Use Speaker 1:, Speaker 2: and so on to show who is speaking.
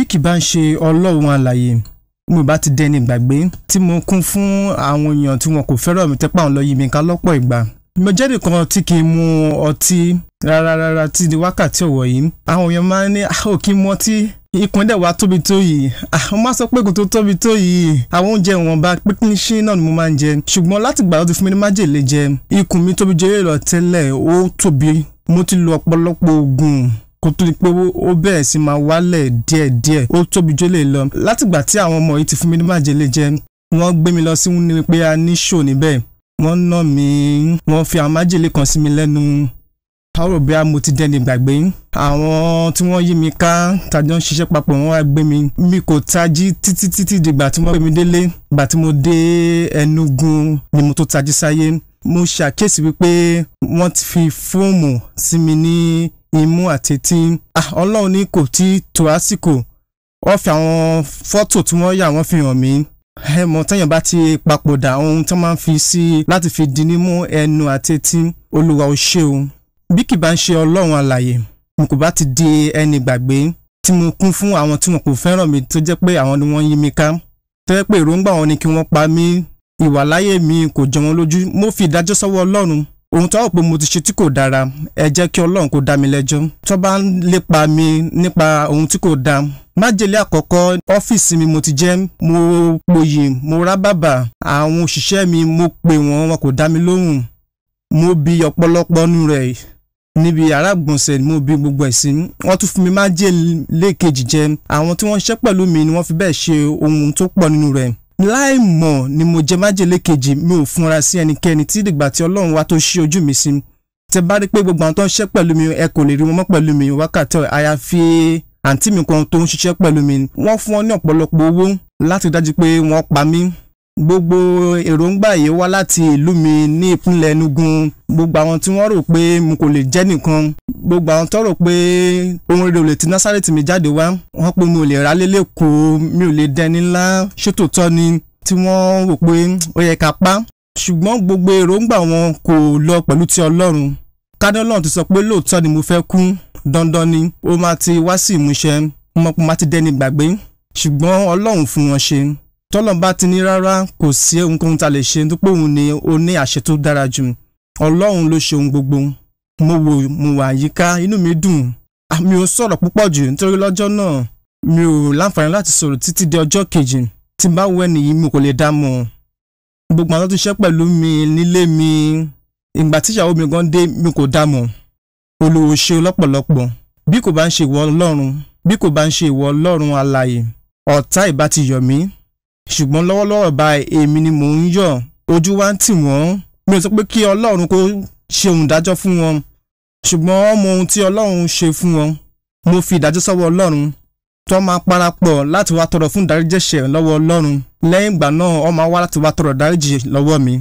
Speaker 1: bí kì bá ń ṣe ọlọ́run àlàyé mo bá ti dẹni ìgbàgbé tí mo kún fún àwọn èèyàn tí wọn kò fẹ́ràn mi tẹ́pà ń lọ yí mi ká lọ́pọ̀ ìgbà mo jẹ́ nìkan tí kì í mu ọtí rárá tí di wákàtí ọ̀wọ̀ yìí àwọn èèyàn máa ń ní àwọn ah, kì mu ọtí ikùn dẹ̀ wá tóbi tó yìí àwọn ah, máa sọ pé kò tó tóbi tó yìí àwọn oúnjẹ ìwọ̀nba pínpín náà ni mo máa ń jẹ ṣùgbọ́n láti gbà ó fún mi ní májèlé jẹ ikùn mi tóbi jẹ́ yóò ó tóbi mo ti lo ọ̀pọ̀lọpọ̀ oògùn kó tó di pé ó bẹ̀rẹ̀ sí máa wálẹ̀ díẹ̀díẹ̀ ó tóbi jó lè lọ látìgbà tí àwọn ọmọ yìí ti fún mi ní májèlé jẹ wọ́n gbé mi lọ sí ní pé a ní ṣò níbẹ̀ wọ́n nà mí wọ́n fi àwọn májèlé kan sí mi lẹ́nu a rò bí a mo ti dẹni gbàgbé àwọn tí wọ́n yí mi ká tàjọ ń ṣiṣẹ́ papọ̀ wọ́n wá gbé mi mi kò tají títí títí dìgbà tí wọ́n gbé mi délé ìgbà tí mo dé Enugu ni mo tó tají sáyé mo ṣàkíyèsí wípé wọ́n ti fi fóòmù sí mi ní imú àti etí ah, ọlọ́run ní kò tí tó àsìkò wọ́n fi àwọn fọ́tò tí wọ́n yà wọ́n fi hàn mí ẹ mọ̀ tẹ́yàn bá ti papòdà ohun tí wọ́n máa ń fi sí láti fi di nímú ẹnu àti etí olúwa ó ṣe o bí kì bá ń ṣe ọlọ́run alàyè mo kò bá ti di ẹni gbàgbé tí mo kún fún àwọn tí wọn kò fẹ́ràn mi tó jẹ́ pé àwọn ni wọ́n yí mi ká tó jẹ́ pé èròǹgbà wọn ni kí wọ́n pa mí ìwàláyé mi kò jọ wọn lójú mo fi ìdájọ́ sọ́wọ́ ọlọ́run ohun tó àwọn pé mo ti ṣe tí kò dára ẹ jẹ́ kí ọlọ́run kó dá mi lẹ́jọ́ tó bá ń lépa mi nípa ohun tí kò dáa májèlé àkọ́kọ́ ọ́fíìsì mi mo ti jẹ́ mo pòyì mo rábàbà àwọn òṣìṣẹ́ mi mo pè wọ́n wọn kò dá mi lóhùn mo bi ọ̀pọ̀lọpọ̀ nù rẹ̀ níbi yàrá ìgbọ̀nsẹ̀ mo bi gbogbo ẹ̀ sí wọ́n tún fún mi májèlé kejì jẹ àwọn tí wọ́n ṣiṣẹ́ pẹ̀lú mi ni wọ́n fi bẹ́ẹ̀ ṣe ohun tó pọ̀ nínú rẹ̀ láì mọ̀ ni mo jẹ májèlé kejì mi ò funra sí ẹnikẹ́ni tí dìgbà tí ọlọ́run wa tó ṣí ojú mi sí tẹ bá rí pé gbogbo àwọn tó ń ṣe pẹ̀lú mi ẹ kò lè rí wọn mọ́ pẹ̀lú mi wákàtí àyàfi àǹtí mi kan tó ń ṣiṣẹ́ pẹ̀lú mi wọ́n fún wọn ní ọ̀pọ̀lọpọ̀ owó láti dájú pé wọ́n pa mí gbogbo èròǹgbà yìí wá láti ìlú mi ní ìpínlẹ̀ Enugu gbogbo àwọn tí wọ́n rò pé mo kò lè jẹ́ nìkan gbogbo àwọn tó rò pé ohun rere ò lè ti Násárẹ́tì mi jáde wá wọ́n pé mi ò lè rálé lẹ́kọ̀ọ́ mi ò lè dẹni ńlá ṣètòtọ́ ni tí wọ́n rò pé ó yẹ ká pa ṣùgbọ́n gbogbo èròǹgbà wọn kò lọ pẹ̀lú ti Ọlọ́run kádọ́lọ́run ti sọ pé lóòótọ́ ni mo fẹ́ kú dandan ni ó máa ti wá sí ìmúṣẹ ọmọkùnrin máa ti dẹni gbàgbé ṣùgbọ́n Ọlọ́run fún wọn ṣe tọ́lọ́n bá ti ní rárá kò sí ohunkóhun tá a lè ṣe dúpẹ́ òun ni ó ní àṣẹ tó dára jù ọlọ́run ló ṣe ohun gbogbo mo wò mo wà yíká inú mi dùn ah, mi ò sọ̀rọ̀ púpọ̀ jù nítorí lọ́jọ́ náà mi ò láǹfààní láti sọ̀rọ̀ títí di ọjọ́ kejì tí bá wẹ̀ nìyí mi kò lè dá mọ̀ gbogbo àwọn tó ṣiṣẹ́ pẹ̀lú mi nílé mi ìgbà tí ìyàwó mi gan dé mi kò dá mọ̀ olówó ṣe lọ́pọ̀lọpọ̀ bí kò bá ń ṣe ìwọ ọlọ́run bí kò bá ń ṣe ìwọ ọlọ́run alààyè ọ̀tá ìbá ti yọ̀ mí ṣùgbọ́n lọ́wọ́lọ́wọ́ báyìí èmi ni mò ń yọ̀ ojú wa ń tì wọ́n mi ò sọ pé kí ọlọ́run kó ṣe òun dájọ́ fún wọn ṣùgbọ́n ọmọ ohun tí ọlọ́run ṣe fún wọn mo fi ìdájọ́ sọ́wọ́ ọlọ́run tó máa parapọ̀ láti wá tọrọ fún ìdáríjẹ̀ṣẹ̀ lọ́wọ́ ọlọ́run lẹ́yìn ìgbà náà ó máa láti wá tọrọ ìdáríjì lọ́wọ́ mi